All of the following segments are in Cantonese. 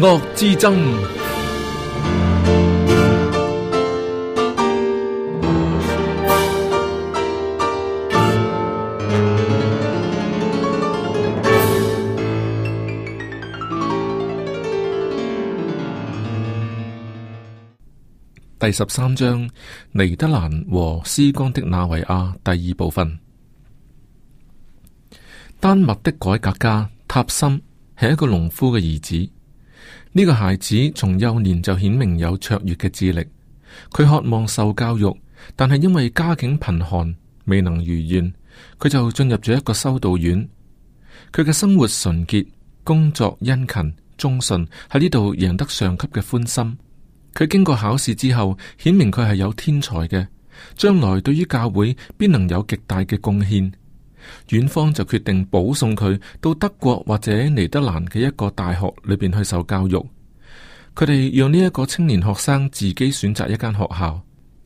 惡之爭。第十三章：尼德蘭和斯堪的納維亞第二部分。丹麥的改革家塔森係一個農夫嘅兒子。呢個孩子從幼年就顯明有卓越嘅智力，佢渴望受教育，但係因為家境貧寒，未能如願。佢就進入咗一個修道院，佢嘅生活純潔，工作殷勤忠信，喺呢度贏得上級嘅歡心。佢經過考試之後，顯明佢係有天才嘅，將來對於教會必能有極大嘅貢獻。院方就決定保送佢到德國或者尼德蘭嘅一個大學裏面去受教育。佢哋讓呢一個青年學生自己選擇一間學校，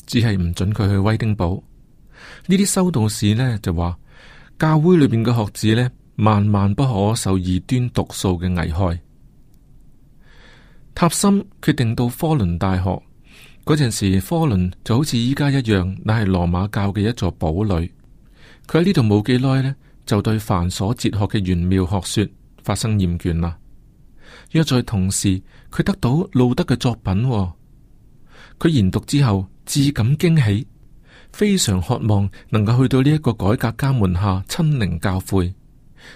只係唔准佢去威丁堡。呢啲修道士呢，就話：教會裏面嘅學子呢，萬萬不可受異端毒素嘅危害。塔森決定到科倫大學嗰陣時，科倫就好似依家一樣，乃係羅馬教嘅一座堡壘。佢喺呢度冇幾耐呢，就對繁瑣哲學嘅玄妙學說發生厭倦啦。約在同時，佢得到路德嘅作品，哦，佢研讀之後，自感驚喜，非常渴望能夠去到呢一個改革家門下親聆教誨。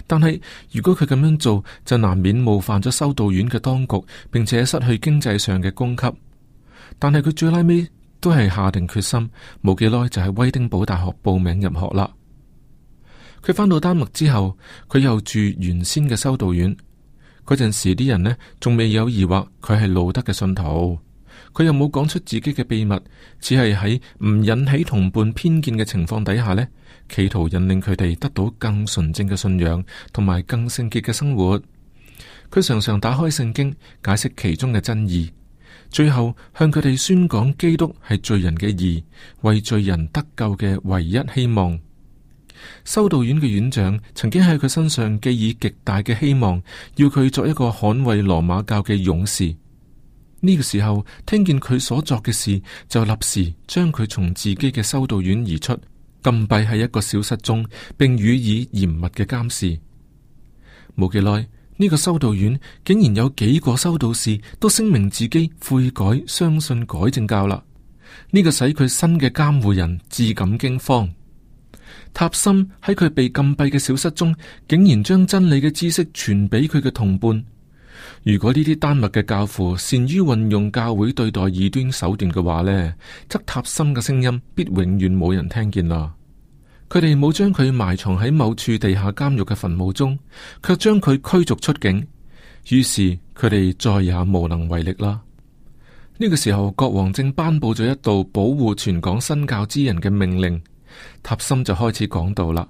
但係如果佢咁樣做，就難免冒犯咗修道院嘅當局，並且失去經濟上嘅供給。但係佢最拉尾都係下定決心，冇幾耐就喺威丁堡大學報名入學啦。佢返到丹麥之後，佢又住原先嘅修道院。嗰陣時啲人呢，仲未有疑惑佢係路德嘅信徒，佢又冇講出自己嘅秘密，只係喺唔引起同伴偏見嘅情況底下呢，企圖引領佢哋得到更純正嘅信仰同埋更聖潔嘅生活。佢常常打開聖經解釋其中嘅真義，最後向佢哋宣講基督係罪人嘅義，為罪人得救嘅唯一希望。修道院嘅院長曾經喺佢身上寄以極大嘅希望，要佢作一個捍衛羅馬教嘅勇士。呢個時候聽見佢所作嘅事，就立時將佢從自己嘅修道院移出，禁閉喺一個小室中，並予以嚴密嘅監視。冇幾耐，呢個修道院竟然有幾個修道士都聲明自己悔改、相信、改正教啦。呢個使佢新嘅監護人自感驚慌。塔森喺佢被禁閉嘅小室中，竟然將真理嘅知識傳俾佢嘅同伴。如果呢啲丹麥嘅教父善於運用教會對待異端手段嘅話呢，則塔森嘅聲音必永遠冇人聽見啦。佢哋冇將佢埋藏喺某處地下監獄嘅墳墓中，卻將佢驅逐出境。於是佢哋再也無能為力啦。呢、呢個時候，國王正頒布咗一道保護全港新教之人嘅命令。塔森就開始講道啦，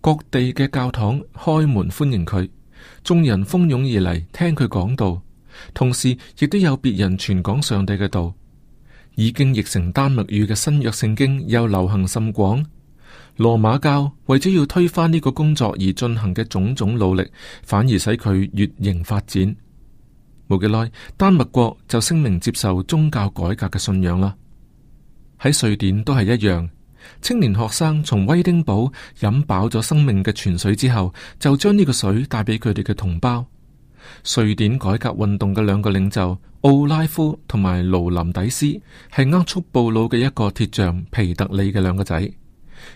各地嘅教堂開門歡迎佢，眾人蜂擁而嚟聽佢講道，同時亦都有別人傳講上帝嘅道，已經譯成丹麥語嘅新約聖經又流行甚廣。羅馬教為咗要推翻呢個工作而進行嘅種種努力，反而使佢越形發展。冇幾耐，丹麥國就聲明接受宗教改革嘅信仰啦，喺瑞典都係一樣。青年學生從威丁堡飲飽咗生命嘅泉水之後，就將呢個水帶俾佢哋嘅同胞。瑞典改革運動嘅兩個領袖奧拉夫同埋盧林底斯係厄速布魯嘅一個鐵匠皮特里嘅兩個仔，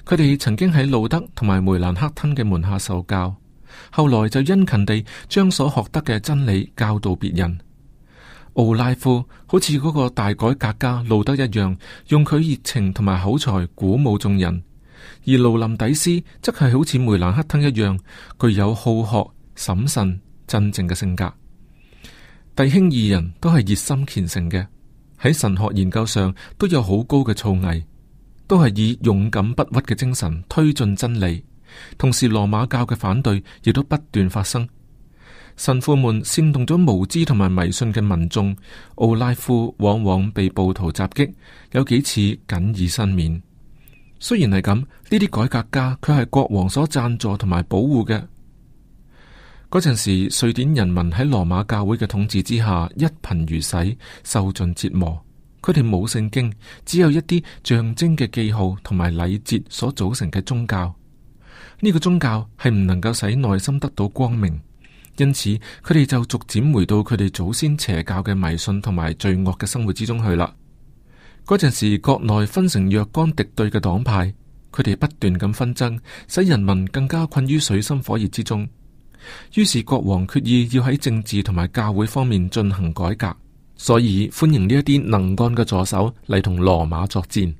佢哋曾經喺路德同埋梅蘭克吞嘅門下受教，後來就殷勤地將所學得嘅真理教導別人。奧拉夫好似嗰個大改革家路德一樣，用佢熱情同埋口才鼓舞眾人；而盧林底斯則係好似梅蘭克吞一樣，具有好學、審慎、真正嘅性格。弟兄二人都係熱心虔誠嘅，喺神學研究上都有好高嘅造詣，都係以勇敢不屈嘅精神推進真理。同時，羅馬教嘅反對亦都不斷發生。神父們煽動咗無知同埋迷信嘅民眾，奧拉夫往往被暴徒襲擊，有幾次僅以身免。雖然係咁，呢啲改革家佢係國王所贊助同埋保護嘅。嗰陣時，瑞典人民喺羅馬教會嘅統治之下一貧如洗，受盡折磨。佢哋冇聖經，只有一啲象徵嘅記號同埋禮節所組成嘅宗教。呢個宗教係唔能夠使內心得到光明。因此，佢哋就逐漸回到佢哋祖先邪教嘅迷信同埋罪惡嘅生活之中去啦。嗰陣時，國內分成若干敵對嘅黨派，佢哋不斷咁紛爭，使人民更加困於水深火熱之中。於是，國王決意要喺政治同埋教會方面進行改革，所以歡迎呢一啲能幹嘅助手嚟同羅馬作戰。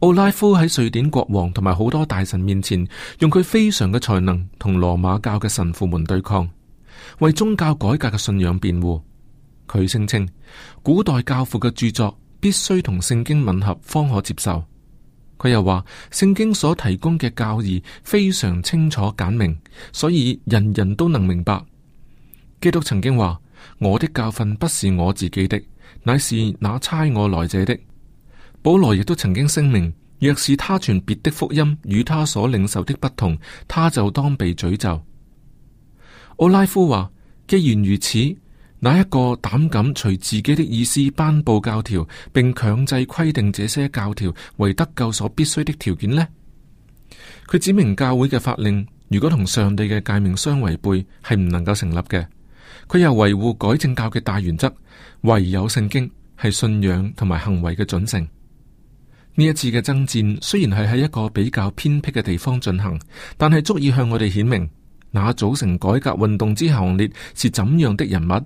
奧拉夫喺瑞典國王同埋好多大臣面前，用佢非常嘅才能同羅馬教嘅神父們對抗，為宗教改革嘅信仰辯護。佢聲稱，古代教父嘅著作必須同聖經吻合，方可接受。佢又話，聖經所提供嘅教義非常清楚簡明，所以人人都能明白。基督曾經話：我的教訓不是我自己的，乃是那差我來者的。保羅亦都曾經聲明，若是他傳別的福音，與他所領受的不同，他就當被詛咒。奧拉夫話：既然如此，哪一個膽敢隨自己的意思頒布教條，並強制規定這些教條為得救所必須的條件呢？佢指明教會嘅法令，如果同上帝嘅誡命相違背，係唔能夠成立嘅。佢又維護改正教嘅大原則，唯有聖經係信仰同埋行為嘅準繩。呢一次嘅爭戰雖然係喺一個比較偏僻嘅地方進行，但係足以向我哋顯明，那組成改革運動之行列是怎樣的人物。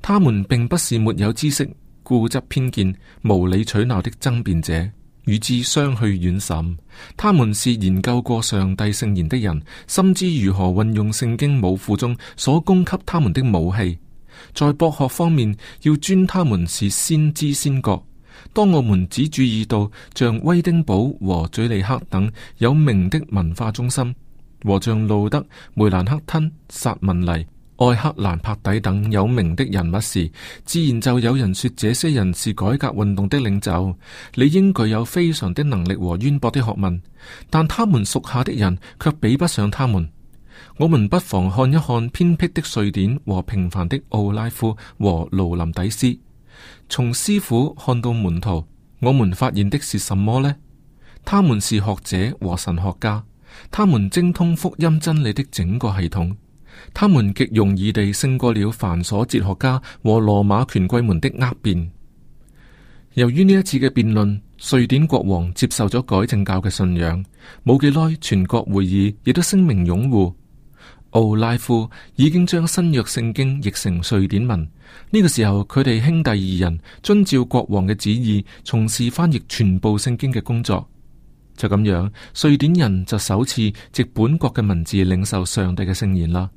他們並不是沒有知識、固執偏見、無理取鬧的爭辯者，與之相去遠甚。他們是研究過上帝聖言的人，深知如何運用聖經武庫中所供給他們的武器。在博學方面，要尊他們是先知先覺。當我們只注意到像威丁堡和嘴利克等有名的文化中心，和像路德、梅蘭克吞、薩文尼、艾克蘭、帕底等有名的人物時，自然就有人說這些人是改革運動的領袖，理應具有非常的能力和淵博的學問，但他們屬下的人卻比不上他們。我們不妨看一看偏僻的瑞典和平凡的奧拉夫和盧林底斯。從師傅看到門徒，我們發現的是什麼呢？他們是學者和神學家，他們精通福音真理的整個系統，他們極容易地勝過了繁瑣哲學家和羅馬權貴們的厄辯。由於呢一次嘅辯論，瑞典國王接受咗改正教嘅信仰，冇幾耐全國會議亦都聲明擁護。奧拉夫已經將新約聖經譯成瑞典文。呢個時候，佢哋兄弟二人遵照國王嘅旨意，從事翻譯全部聖經嘅工作。就咁樣，瑞典人就首次藉本國嘅文字領受上帝嘅聖言啦。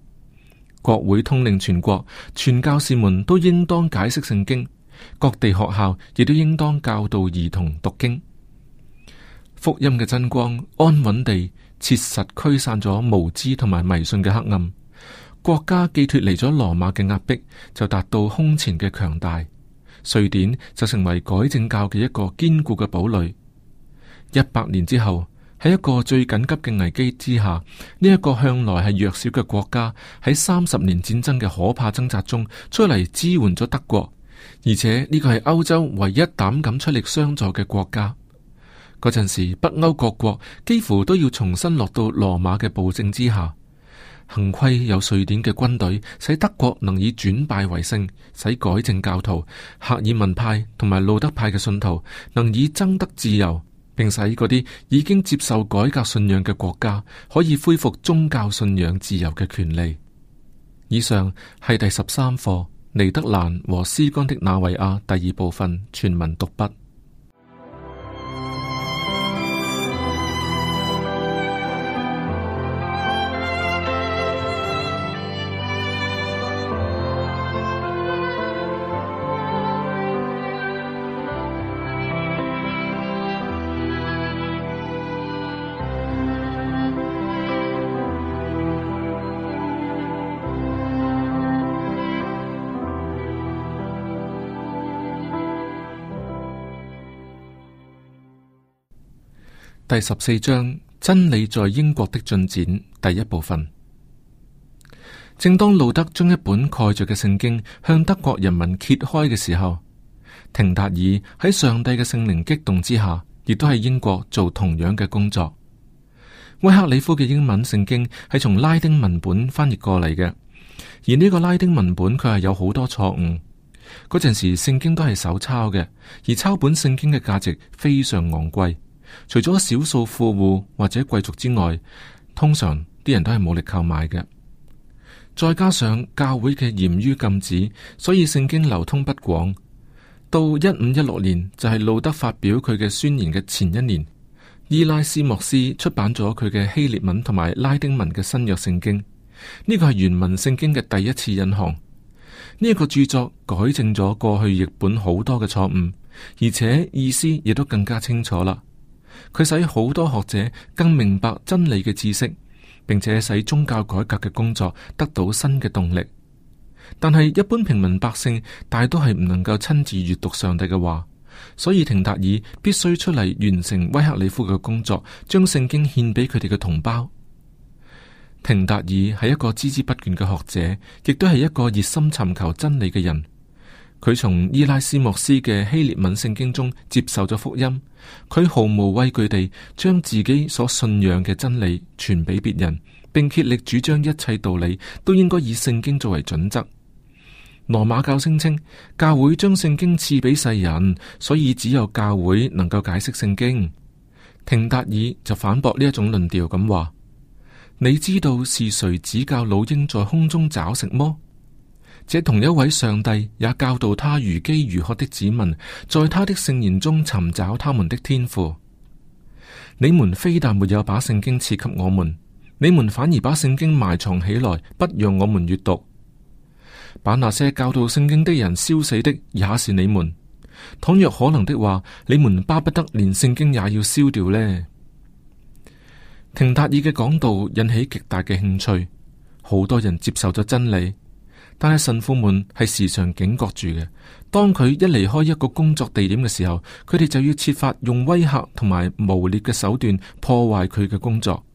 國會通令全國，全教士們都應當解釋聖經，各地學校亦都應當教導兒童讀經。福音嘅真光安穩地切實驅散咗無知同埋迷信嘅黑暗，國家既脫離咗羅馬嘅壓迫，就達到空前嘅強大。瑞典就成為改正教嘅一個堅固嘅堡壘。一百年之後，喺一個最緊急嘅危機之下，呢一個向來係弱小嘅國家喺三十年戰爭嘅可怕掙扎中，出嚟支援咗德國，而且呢個係歐洲唯一膽敢出力相助嘅國家。嗰陣時，北歐各國幾乎都要重新落到羅馬嘅暴政之下。幸虧有瑞典嘅軍隊，使德國能以轉敗為勝，使改正教徒、赫爾文派同埋路德派嘅信徒能以爭得自由，並使嗰啲已經接受改革信仰嘅國家可以恢復宗教信仰自由嘅權利。以上係第十三課《尼德蘭和斯干的那維亞》第二部分全文讀筆。第十四章，真理在英國的進展，第一部分。正當路德將一本蓋着嘅聖經向德國人民揭開嘅時候，廷達爾喺上帝嘅聖靈激動之下，亦都喺英國做同樣嘅工作。威克里夫嘅英文聖經係從拉丁文本翻譯過嚟嘅，而呢個拉丁文本佢係有好多錯誤。嗰陣時聖經都係手抄嘅，而抄本聖經嘅價值非常昂貴。除咗少數富戶或者貴族之外，通常啲人都係冇力購買嘅。再加上教會嘅嚴於禁止，所以聖經流通不廣。到一五一六年就係、是、路德發表佢嘅宣言嘅前一年，伊拉斯莫斯出版咗佢嘅希列文同埋拉丁文嘅新約聖經。呢、這個係原文聖經嘅第一次印行。呢、這、一個著作改正咗過去譯本好多嘅錯誤，而且意思亦都更加清楚啦。佢使好多學者更明白真理嘅知識，並且使宗教改革嘅工作得到新嘅動力。但係一般平民百姓大都係唔能夠親自閱讀上帝嘅話，所以廷達爾必須出嚟完成威克里夫嘅工作，將聖經獻俾佢哋嘅同胞。廷達爾係一個孜孜不倦嘅學者，亦都係一個熱心尋求真理嘅人。佢從伊拉斯莫斯嘅希臘文聖經中接受咗福音，佢毫無畏懼地將自己所信仰嘅真理傳俾別人，並竭力主張一切道理都應該以聖經作為準則。羅馬教聲稱教會將聖經賜俾世人，所以只有教會能夠解釋聖經。廷達爾就反駁呢一種論調咁話：你知道是誰指教老鷹在空中找食麼？這同一位上帝也教導他如飢如渴的子民，在他的聖言中尋找他們的天賦。你們非但沒有把聖經賜給我們，你們反而把聖經埋藏起來，不讓我們閱讀。把那些教導聖經的人燒死的也是你們。倘若可能的話，你們巴不得連聖經也要燒掉呢。廷塔爾嘅講道引起極大嘅興趣，好多人接受咗真理。但係神父們係時常警覺住嘅，當佢一離開一個工作地點嘅時候，佢哋就要設法用威嚇同埋無劣嘅手段破壞佢嘅工作，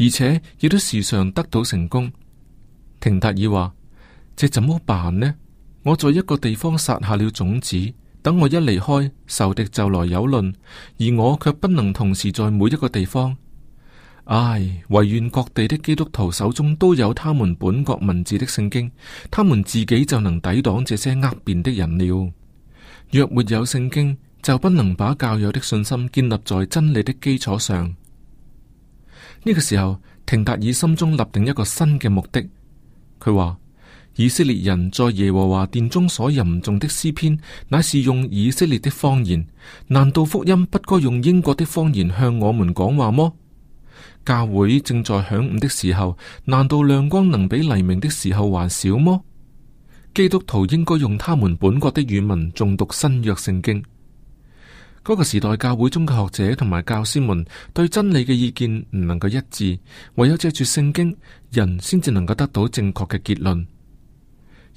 而且亦都時常得到成功。廷達爾話：這怎麼辦呢？我在一個地方撒下了種子，等我一離開，仇敵就來有論，而我卻不能同時在每一個地方。唉、哎，唯願各地的基督徒手中都有他們本國文字的聖經，他們自己就能抵擋這些呃辯的人了。若沒有聖經，就不能把教友的信心建立在真理的基礎上。呢、這個時候，廷達爾心中立定一個新嘅目的。佢話：以色列人在耶和華殿中所吟誦的詩篇，乃是用以色列的方言。難道福音不該用英國的方言向我們講話麼？教會正在晌午的時候，難道亮光能比黎明的時候還少嗎？基督徒應該用他們本國的語文誦讀新約聖經。嗰、那個時代教會中嘅學者同埋教師們對真理嘅意見唔能夠一致，唯有借住聖經，人先至能夠得到正確嘅結論。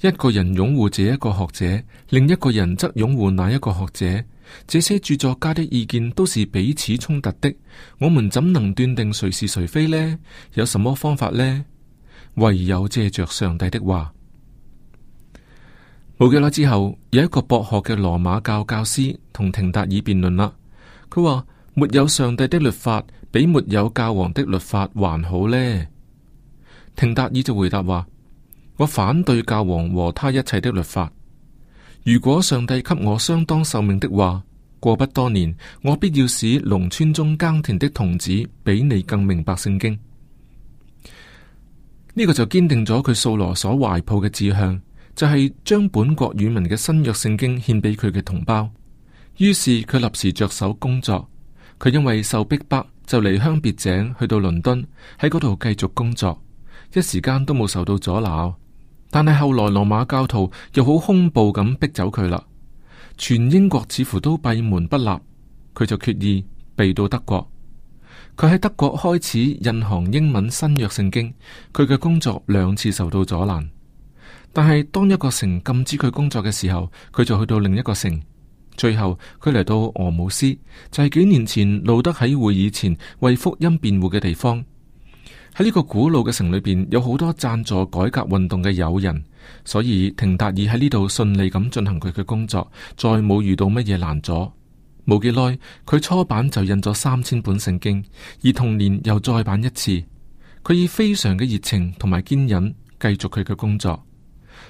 一個人擁護這一個學者，另一個人則擁護那一個學者。這些著作家的意見都是彼此衝突的。我們怎能斷定誰是誰非呢？有什麼方法呢？唯有借着上帝的話。冇幾耐之後，有一個博學嘅羅馬教教師同廷達爾辯論啦。佢話：沒有上帝的律法，比沒有教皇的律法還好呢。」廷達爾就回答話。我反對教皇和他一切的律法。如果上帝給我相當壽命的話，過不多年，我必要使農村中耕田的童子比你更明白聖經。呢、這個就堅定咗佢掃羅所懷抱嘅志向，就係、是、將本國語文嘅新約聖經獻俾佢嘅同胞。於是佢立時着手工作。佢因為受逼迫，迫，就離鄉別井，去到倫敦喺嗰度繼續工作，一時間都冇受到阻撓。但係後來羅馬教徒又好恐怖咁逼走佢啦，全英國似乎都閉門不立，佢就決意避到德國。佢喺德國開始印行英文新約聖經，佢嘅工作兩次受到阻攔，但係當一個城禁止佢工作嘅時候，佢就去到另一個城，最後佢嚟到俄姆斯，就係幾年前路德喺會議前為福音辯護嘅地方。喺呢個古老嘅城裏邊，有好多贊助改革運動嘅友人，所以廷達爾喺呢度順利咁進行佢嘅工作，再冇遇到乜嘢難阻。冇幾耐，佢初版就印咗三千本聖經，而同年又再版一次。佢以非常嘅熱情同埋堅忍，繼續佢嘅工作。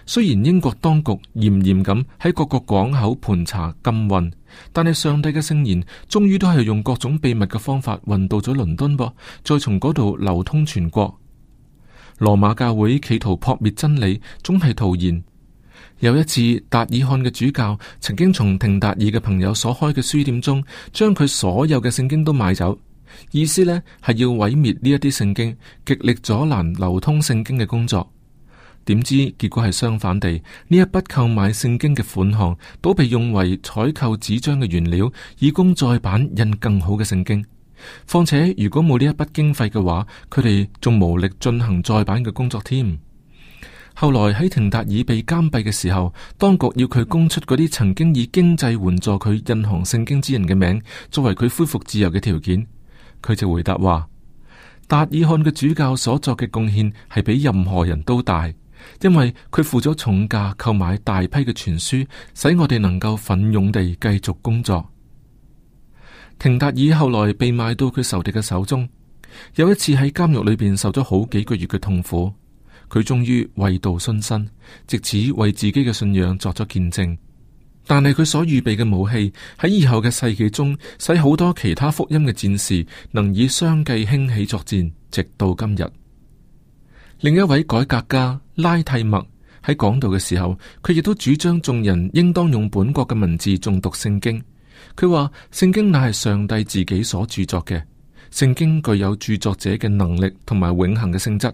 雖然英國當局嚴嚴咁喺各個港口盤查禁運，但係上帝嘅聖言終於都係用各種秘密嘅方法運到咗倫敦，噃，再從嗰度流通全國。羅馬教會企圖撲滅真理，總係徒然。有一次，達爾漢嘅主教曾經從廷達爾嘅朋友所開嘅書店中，將佢所有嘅聖經都買走，意思呢係要毀滅呢一啲聖經，極力阻攔流通聖經嘅工作。點知結果係相反地，呢一筆購買聖經嘅款項，都被用為採購紙張嘅原料，以供再版印更好嘅聖經。況且如果冇呢一筆經費嘅話，佢哋仲無力進行再版嘅工作添。後來喺廷達爾被監閉嘅時候，當局要佢供出嗰啲曾經以經濟援助佢印行聖經之人嘅名，作為佢恢復自由嘅條件。佢就回答話：達爾漢嘅主教所作嘅貢獻係比任何人都大。因為佢付咗重價購買大批嘅傳書，使我哋能夠奮勇地繼續工作。廷達爾後來被賣到佢仇敵嘅手中，有一次喺監獄裏邊受咗好幾個月嘅痛苦，佢終於為道殉身，直至為自己嘅信仰作咗見證。但係佢所預備嘅武器，喺以後嘅世紀中，使好多其他福音嘅戰士能以相繼興起作戰，直到今日。另一位改革家拉蒂默喺講道嘅時候，佢亦都主張眾人應當用本國嘅文字誦讀聖經。佢話聖經乃係上帝自己所著作嘅，聖經具有著作者嘅能力同埋永恒嘅性質。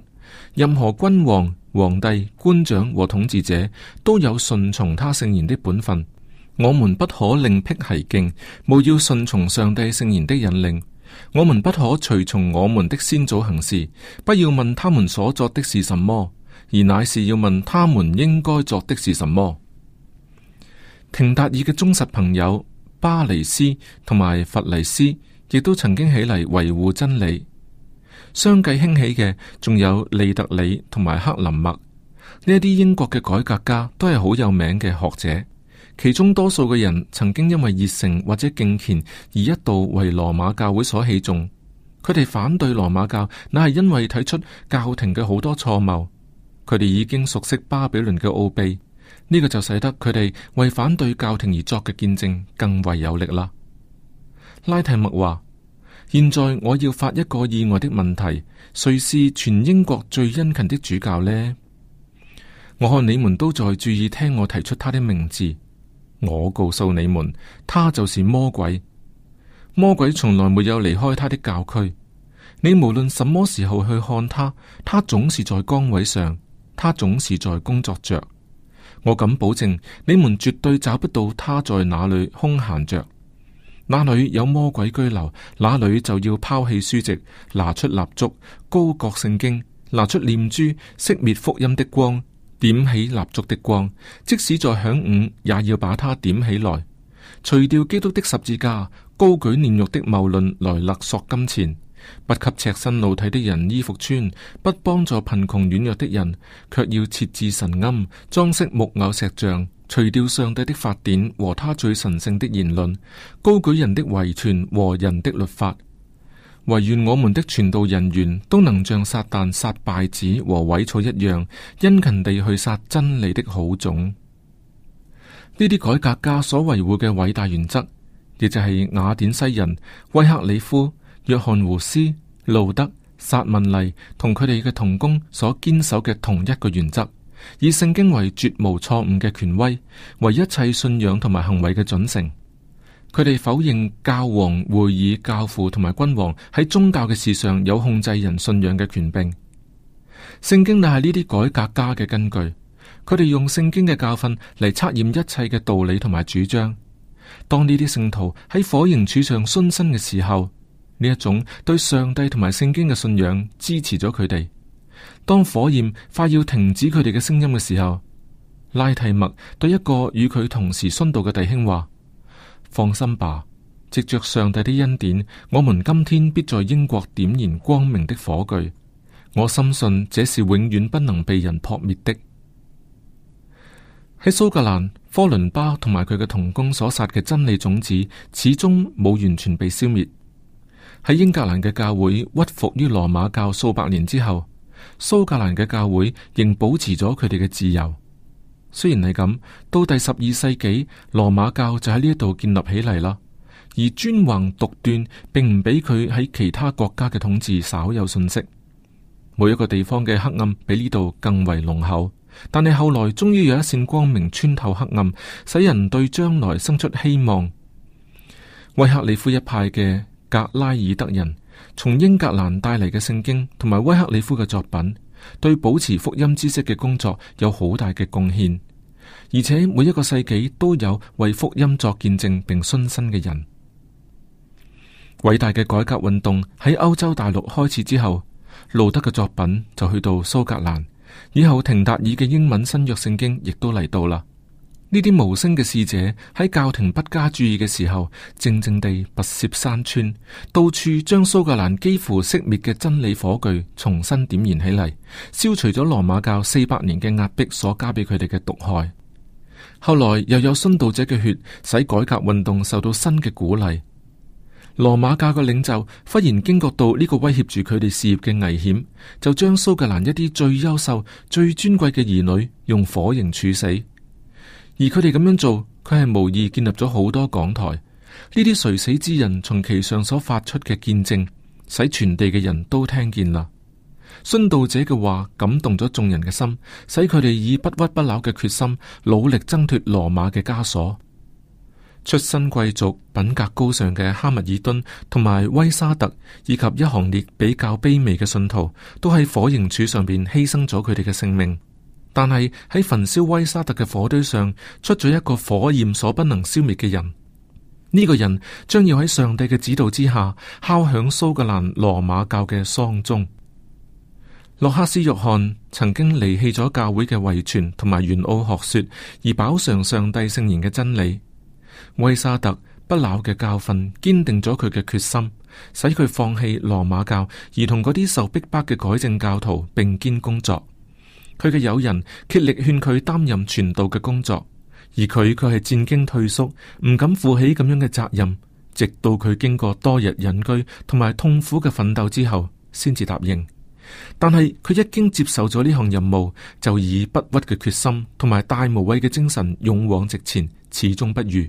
任何君王、皇帝、官長和統治者都有順從他聖言的本分。我們不可另辟蹊徑，務要順從上帝聖言的引領。我們不可隨從我們的先祖行事，不要問他們所作的是什麼，而乃是要問他們應該做的是什麼。廷達爾嘅忠實朋友巴尼斯同埋弗尼斯，亦都曾經起嚟維護真理。相繼興起嘅仲有利特里同埋克林麥，呢一啲英國嘅改革家都係好有名嘅學者。其中多數嘅人曾經因為熱誠或者敬虔而一度為羅馬教會所器重。佢哋反對羅馬教，乃係因為睇出教廷嘅好多錯謬。佢哋已經熟悉巴比倫嘅奧秘，呢個就使得佢哋為反對教廷而作嘅見證更為有力啦。拉提莫話：現在我要發一個意外的問題，誰是全英國最殷勤的主教呢？我看你們都在注意聽我提出他的名字。我告訴你們，他就是魔鬼。魔鬼從來沒有離開他的教區。你無論什麼時候去看他，他總是在崗位上，他總是在工作着。我敢保證，你們絕對找不到他在哪裏空閒着。那裏有魔鬼居留，那裏就要拋棄書籍，拿出蠟燭，高舉聖經，拿出念珠，熄滅福音的光。點起蠟燭的光，即使在晌午，也要把它點起來。除掉基督的十字架，高舉煉獄的謬論來勒索金錢，不給赤身露體的人衣服穿，不幫助貧窮軟弱的人，卻要設置神龕，裝飾木偶石像，除掉上帝的法典和他最神聖的言論，高舉人的遺傳和人的律法。唯願我們的傳道人員都能像撒但、撒稗子和毀錯一樣，殷勤地去撒真理的好種。呢啲改革家所維護嘅偉大原則，亦就係雅典西人、威克里夫、約翰胡斯、路德、撒文麗同佢哋嘅同工所堅守嘅同一個原則，以聖經為絕無錯誤嘅權威，為一切信仰同埋行為嘅準繩。佢哋否認教皇會議、教父同埋君王喺宗教嘅事上有控制人信仰嘅權柄。聖經係呢啲改革家嘅根據，佢哋用聖經嘅教訓嚟測驗一切嘅道理同埋主張。當呢啲聖徒喺火刑柱上殉身嘅時候，呢一種對上帝同埋聖經嘅信仰支持咗佢哋。當火焰快要停止佢哋嘅聲音嘅時候，拉提默對一個與佢同時殉道嘅弟兄話。放心吧，藉着上帝的恩典，我們今天必在英國點燃光明的火炬。我深信這是永遠不能被人撲滅的。喺蘇格蘭，科倫巴同埋佢嘅同工所撒嘅真理種子，始終冇完全被消滅。喺英格蘭嘅教會屈服於羅馬教數百年之後，蘇格蘭嘅教會仍保持咗佢哋嘅自由。雖然係咁，到第十二世紀，羅馬教就喺呢一度建立起嚟啦。而專橫獨斷，並唔俾佢喺其他國家嘅統治稍有遜色。每一個地方嘅黑暗，比呢度更為濃厚。但係後來，終於有一線光明穿透黑暗，使人對將來生出希望。威克里夫一派嘅格拉爾德人，從英格蘭帶嚟嘅聖經同埋威克里夫嘅作品，對保持福音知識嘅工作有好大嘅貢獻，而且每一個世紀都有為福音作見證並信心嘅人。偉大嘅改革運動喺歐洲大陸開始之後，路德嘅作品就去到蘇格蘭，以後廷達爾嘅英文新約聖經亦都嚟到啦。呢啲無聲嘅使者喺教廷不加注意嘅時候，靜靜地跋涉山川，到處將蘇格蘭幾乎熄滅嘅真理火炬重新點燃起嚟，消除咗羅馬教四百年嘅壓迫所加俾佢哋嘅毒害。後來又有殉道者嘅血，使改革運動受到新嘅鼓勵。羅馬教嘅領袖忽然驚覺到呢個威脅住佢哋事業嘅危險，就將蘇格蘭一啲最優秀、最尊貴嘅兒女用火刑處死。而佢哋咁樣做，佢係無意建立咗好多講台。呢啲垂死之人從其上所發出嘅見證，使全地嘅人都聽見啦。殉道者嘅話感動咗眾人嘅心，使佢哋以不屈不撓嘅決心，努力掙脫羅馬嘅枷鎖。出身貴族、品格高尚嘅哈密爾頓同埋威沙特，以及一行列比較卑微嘅信徒，都喺火刑柱上邊犧牲咗佢哋嘅性命。但係喺焚燒威沙特嘅火堆上，出咗一個火焰所不能消滅嘅人。呢、呢個人將要喺上帝嘅指導之下敲響蘇格蘭羅馬教嘅喪鐘。洛克斯約翰曾經離棄咗教會嘅遺傳同埋玄奧學說，而飽嘗上帝聖言嘅真理。威沙特不朽嘅教訓，堅定咗佢嘅決心，使佢放棄羅馬教，而同嗰啲受逼迫嘅改正教徒並肩工作。佢嘅友人竭力勸佢擔任傳道嘅工作，而佢卻係戰驚退縮，唔敢負起咁樣嘅責任。直到佢經過多日隱居同埋痛苦嘅奮鬥之後，先至答應。但係佢一經接受咗呢項任務，就以不屈嘅決心同埋大無畏嘅精神勇往直前，始終不渝。呢、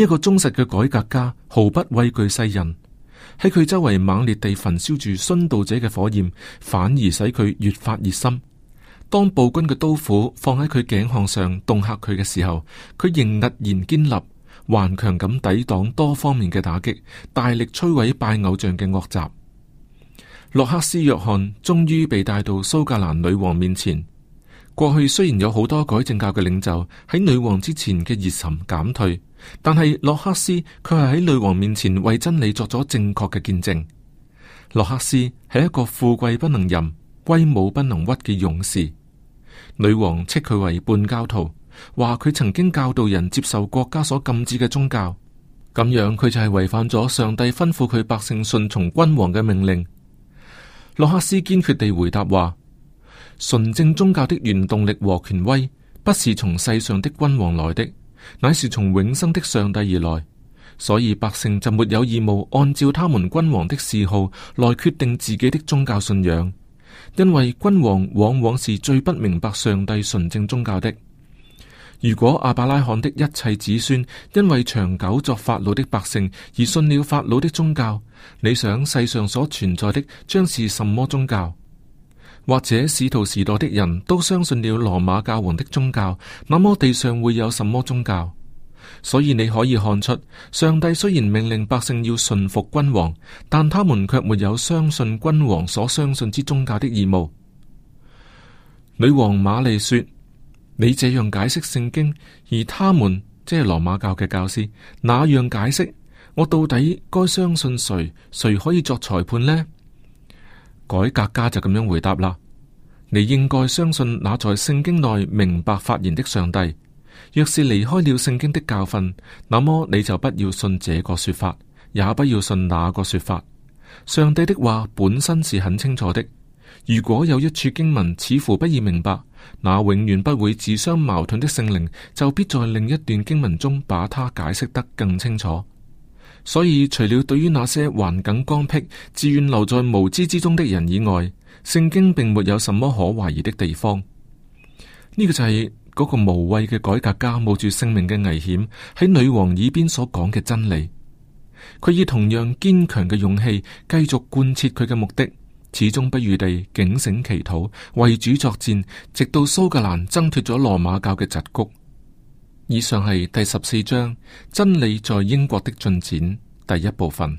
這、一個忠實嘅改革家毫不畏懼世人，喺佢周圍猛烈地焚燒住殉道者嘅火焰，反而使佢越發熱心。當暴君嘅刀斧放喺佢頸項上恫嚇佢嘅時候，佢仍屹然堅立，頑強咁抵擋多方面嘅打擊，大力摧毀拜偶像嘅惡習。洛克斯約翰終於被帶到蘇格蘭女王面前。過去雖然有好多改正教嘅領袖喺女王之前嘅熱忱減退，但係洛克斯卻係喺女王面前為真理作咗正確嘅見證。洛克斯係一個富貴不能淫、威武不能屈嘅勇士。女王斥佢為叛教徒，話佢曾經教導人接受國家所禁止嘅宗教，咁樣佢就係違反咗上帝吩咐佢百姓順從君王嘅命令。洛克斯堅決地回答話：純正宗教的原動力和權威，不是從世上的君王來的，乃是從永生的上帝而來，所以百姓就沒有義務按照他們君王的嗜好，來決定自己的宗教信仰。因為君王往往是最不明白上帝純正宗教的。如果阿伯拉罕的一切子孫因為長久作法老的百姓而信了法老的宗教，你想世上所存在的將是什麼宗教？或者使徒時代的人都相信了羅馬教皇的宗教，那麼地上會有什麼宗教？所以你可以看出，上帝雖然命令百姓要信服君王，但他們卻沒有相信君王所相信之宗教的義務。女王瑪麗說：你這樣解釋聖經，而他們即係羅馬教嘅教師那樣解釋，我到底該相信誰？誰可以作裁判呢？改革家就咁樣回答啦：你應該相信那在聖經內明白發言的上帝。若是離開了聖經的教訓，那麼你就不要信這個說法，也不要信那個說法。上帝的話本身是很清楚的。如果有一處經文似乎不易明白，那永遠不會自相矛盾的聖靈就必在另一段經文中把它解釋得更清楚。所以，除了對於那些頑梗剛愎、自願留在無知之中的人以外，聖經並沒有什麼可懷疑的地方。呢、這個就係、是。嗰個無畏嘅改革家冒住性命嘅危險喺女王耳邊所講嘅真理，佢以同樣堅強嘅勇氣繼續貫徹佢嘅目的，始終不渝地警醒祈禱、為主作戰，直到蘇格蘭掙脫咗羅馬教嘅桎梏。以上係第十四章真理在英國的進展第一部分。